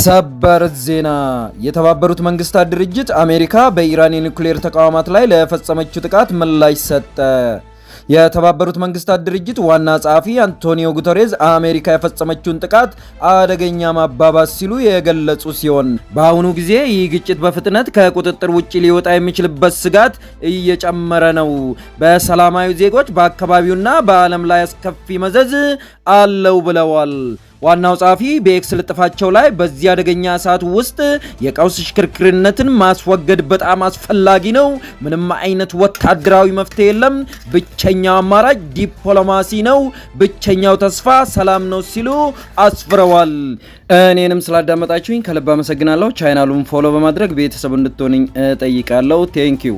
ሰበር ዜና የተባበሩት መንግስታት ድርጅት አሜሪካ በኢራን የኒውክሌር ተቋማት ላይ ለፈጸመችው ጥቃት ምላሽ ሰጠ። የተባበሩት መንግስታት ድርጅት ዋና ጸሐፊ አንቶኒዮ ጉተሬዝ አሜሪካ የፈጸመችውን ጥቃት አደገኛ ማባባስ ሲሉ የገለጹ ሲሆን በአሁኑ ጊዜ ይህ ግጭት በፍጥነት ከቁጥጥር ውጭ ሊወጣ የሚችልበት ስጋት እየጨመረ ነው፣ በሰላማዊ ዜጎች በአካባቢውና በዓለም ላይ አስከፊ መዘዝ አለው ብለዋል። ዋናው ጸሐፊ በኤክስ ልጥፋቸው ላይ በዚህ አደገኛ ሰዓት ውስጥ የቀውስ ሽክርክርነትን ማስወገድ በጣም አስፈላጊ ነው። ምንም አይነት ወታደራዊ መፍትሄ የለም። ብቸኛው አማራጭ ዲፕሎማሲ ነው። ብቸኛው ተስፋ ሰላም ነው ሲሉ አስፍረዋል። እኔንም ስላዳመጣችሁኝ ከልብ አመሰግናለሁ። ቻይናሉን ፎሎ በማድረግ ቤተሰብ እንድትሆንኝ ጠይቃለሁ። ቴንኪዩ